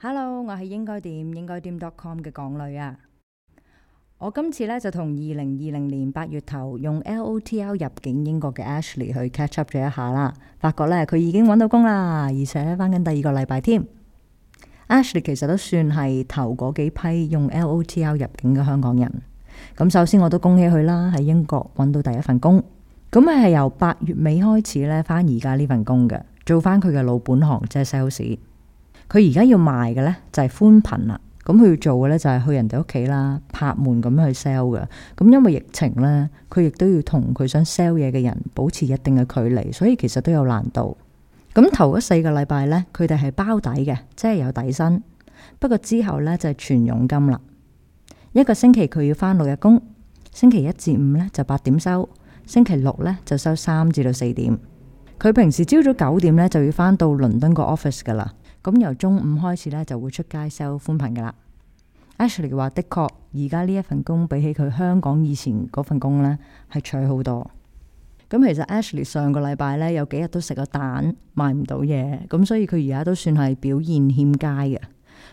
Hello，我係應該點應該點 dot com 嘅港女啊！我今次咧就同二零二零年八月頭用 LOTL 入境英國嘅 Ashley 去 catch up 咗一下啦，發覺咧佢已經揾到工啦，而且翻緊第二個禮拜添。Ashley 其實都算係頭嗰幾批用 LOTL 入境嘅香港人。咁首先我都恭喜佢啦，喺英國揾到第一份工。咁係由八月尾開始咧翻而家呢份工嘅，做翻佢嘅老本行，即係 sales。佢而家要賣嘅呢，就係寬頻啦，咁佢要做嘅呢，就係去人哋屋企啦，拍門咁樣去 sell 嘅。咁因為疫情呢，佢亦都要同佢想 sell 嘢嘅人保持一定嘅距離，所以其實都有難度。咁頭嗰四個禮拜呢，佢哋係包底嘅，即係有底薪。不過之後呢，就係全佣金啦。一個星期佢要返六日工，星期一至五呢就八點收，星期六呢就收三至到四點。佢平時朝早九點呢，就要返到倫敦個 office 噶啦。咁由中午開始咧，就會出街收寬頻噶啦。Ashley 話，的確，而家呢一份工比起佢香港以前嗰份工咧，係脆好多。咁其實 Ashley 上個禮拜咧，有幾日都食咗蛋賣唔到嘢，咁所以佢而家都算係表現欠佳嘅。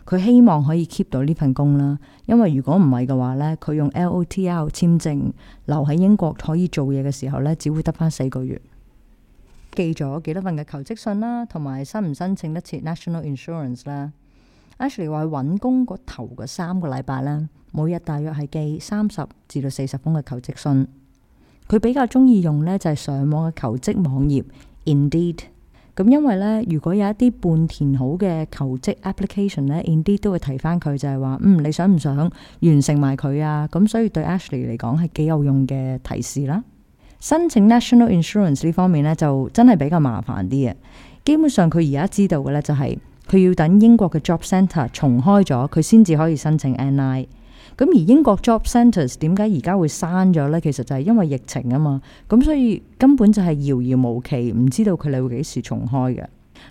佢希望可以 keep 到呢份工啦，因為如果唔係嘅話咧，佢用 LOTR 簽證留喺英國可以做嘢嘅時候咧，只會得返四個月。寄咗幾多份嘅求職信啦，同埋申唔申請一次 National Insurance 啦。Ashley 話揾工個頭嘅三個禮拜啦，每日大約係寄三十至到四十封嘅求職信。佢比較中意用呢就係上網嘅求職網頁 Indeed。咁因為呢，如果有一啲半填好嘅求職 application 呢 Indeed 都會提翻佢，就係話嗯你想唔想完成埋佢啊？咁所以對 Ashley 嚟講係幾有用嘅提示啦。申請 National Insurance 呢方面呢，就真係比較麻煩啲嘅。基本上佢而家知道嘅呢，就係、是、佢要等英國嘅 Job Centre 重開咗，佢先至可以申請 NI。咁而英國 Job Centres 點解而家會刪咗呢？其實就係因為疫情啊嘛。咁所以根本就係遙遙無期，唔知道佢哋會幾時重開嘅。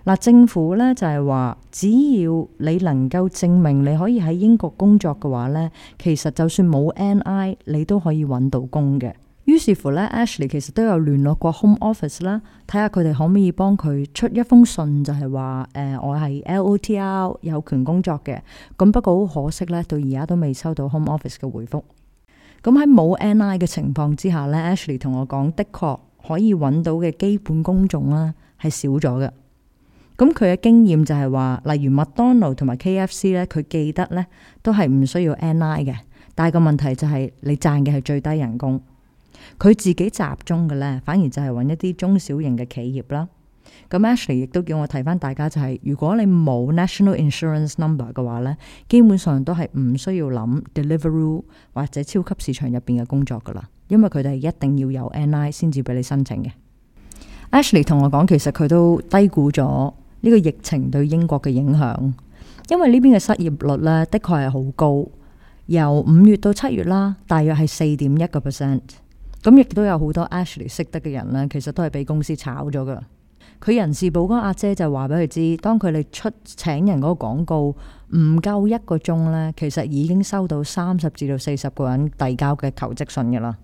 嗱、啊，政府呢，就係、是、話，只要你能夠證明你可以喺英國工作嘅話呢，其實就算冇 NI，你都可以揾到工嘅。於是乎咧，Ashley 其實都有聯絡過 Home Office 啦，睇下佢哋可唔可以幫佢出一封信，就係話誒，我係 LOTR 有權工作嘅。咁不過好可惜咧，到而家都未收到 Home Office 嘅回覆。咁喺冇 NI 嘅情況之下咧，嗯，Ashley 同我講，的確可以揾到嘅基本工種啦，係少咗嘅。咁佢嘅經驗就係話，例如麥當勞同埋 KFC 咧，佢記得咧都係唔需要 NI 嘅，但係個問題就係你賺嘅係最低人工。佢自己集中嘅呢，反而就係揾一啲中小型嘅企業啦。咁 Ashley 亦都叫我提返大家就係、是、如果你冇 National Insurance Number 嘅話呢，基本上都係唔需要諗 Deliveroo 或者超級市場入邊嘅工作噶啦，因為佢哋係一定要有 NI 先至俾你申請嘅。 Ashley 同我講，其實佢都低估咗呢個疫情對英國嘅影響，因為呢邊嘅失業率呢，的確係好高，由五月到七月啦，大約係四點一個 percent。咁亦都有好多 Ashley 識得嘅人呢，其實都係俾公司炒咗噶。佢人事部嗰個阿姐就話俾佢知，當佢哋出請人嗰個廣告唔夠一個鐘呢，其實已經收到三十至到四十個人遞交嘅求職信噶啦。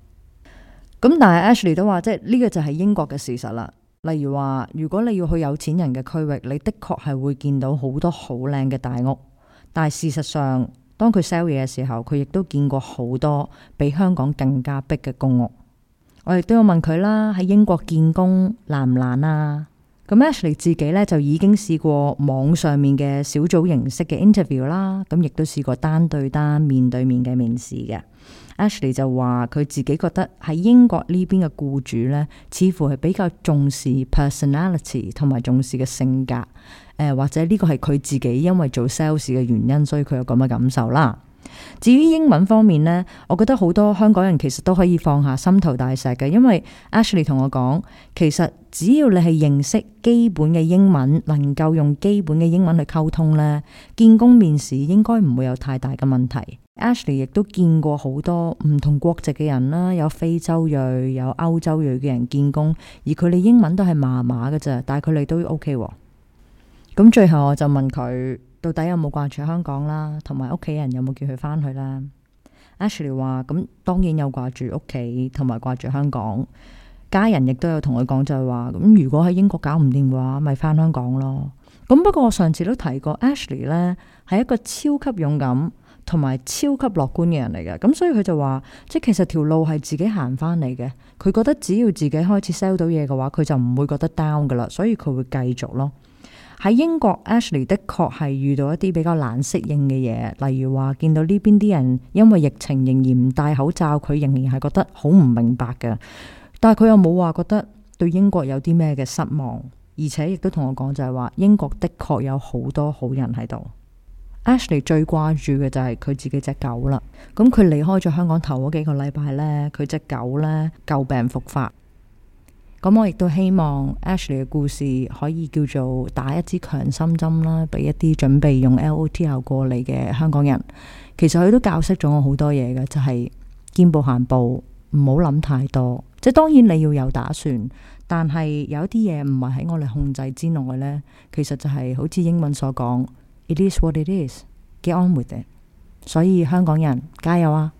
咁但係 Ashley 都話，即係呢個就係英國嘅事實啦。例如話，如果你要去有錢人嘅區域，你的確係會見到好多好靚嘅大屋，但係事實上，當佢 sell 嘢嘅時候，佢亦都見過好多比香港更加逼嘅公屋。我哋都要問佢啦，喺英國見工難唔難啊？咁 Ashley 自己咧就已經試過網上面嘅小組形式嘅 interview 啦，咁亦都試過單對單面對面嘅面試嘅。Ashley 就話佢自己覺得喺英國邊僱，呢邊嘅僱主咧，似乎係比較重視 personality 同埋重視嘅性格，誒、呃、或者呢個係佢自己因為做 sales 嘅原因，所以佢有咁嘅感受啦。至於英文方面呢，我覺得好多香港人其實都可以放下心頭大石嘅，因為 Ashley 同我講，其實只要你係認識基本嘅英文，能夠用基本嘅英文去溝通呢，見工面試應該唔會有太大嘅問題。 Ashley 亦都見過好多唔同國籍嘅人啦，有非洲裔、有歐洲裔嘅人見工，而佢哋英文都係麻麻嘅啫，但係佢哋都 OK 喎。咁最後我就問佢。到底有冇掛住香港啦？同埋屋企人有冇叫佢翻去啦？Ashley 話：咁當然有掛住屋企，同埋掛住香港。家人亦都有同佢講，就係話：咁如果喺英國搞唔掂嘅話，咪翻香港咯。咁不過我上次都提過，Ashley 咧係一個超級勇敢同埋超級樂觀嘅人嚟嘅。咁所以佢就話：即係其實條路係自己行翻嚟嘅。佢覺得只要自己開始 sell 到嘢嘅話，佢就唔會覺得 down 噶啦。所以佢會繼續咯。喺英國，Ashley 的確係遇到一啲比較難適應嘅嘢，例如話見到呢邊啲人因為疫情仍然唔戴口罩，佢仍然係覺得好唔明白嘅。但係佢又冇話覺得對英國有啲咩嘅失望，而且亦都同我講就係話英國的確有好多好人喺度。Ashley 最掛住嘅就係佢自己隻狗啦。咁佢離開咗香港頭嗰幾個禮拜呢，佢隻狗呢，舊病復發。咁我亦都希望 Ashley 嘅故事可以叫做打一支強心針啦，俾一啲準備用 LOTR 過嚟嘅香港人。其實佢都教識咗我好多嘢嘅，就係、是、見步行步，唔好諗太多。即係當然你要有打算，但係有一啲嘢唔係喺我哋控制之內咧。其實就係好似英文所講，It is what it is，Get on with it。所以香港人加油啊！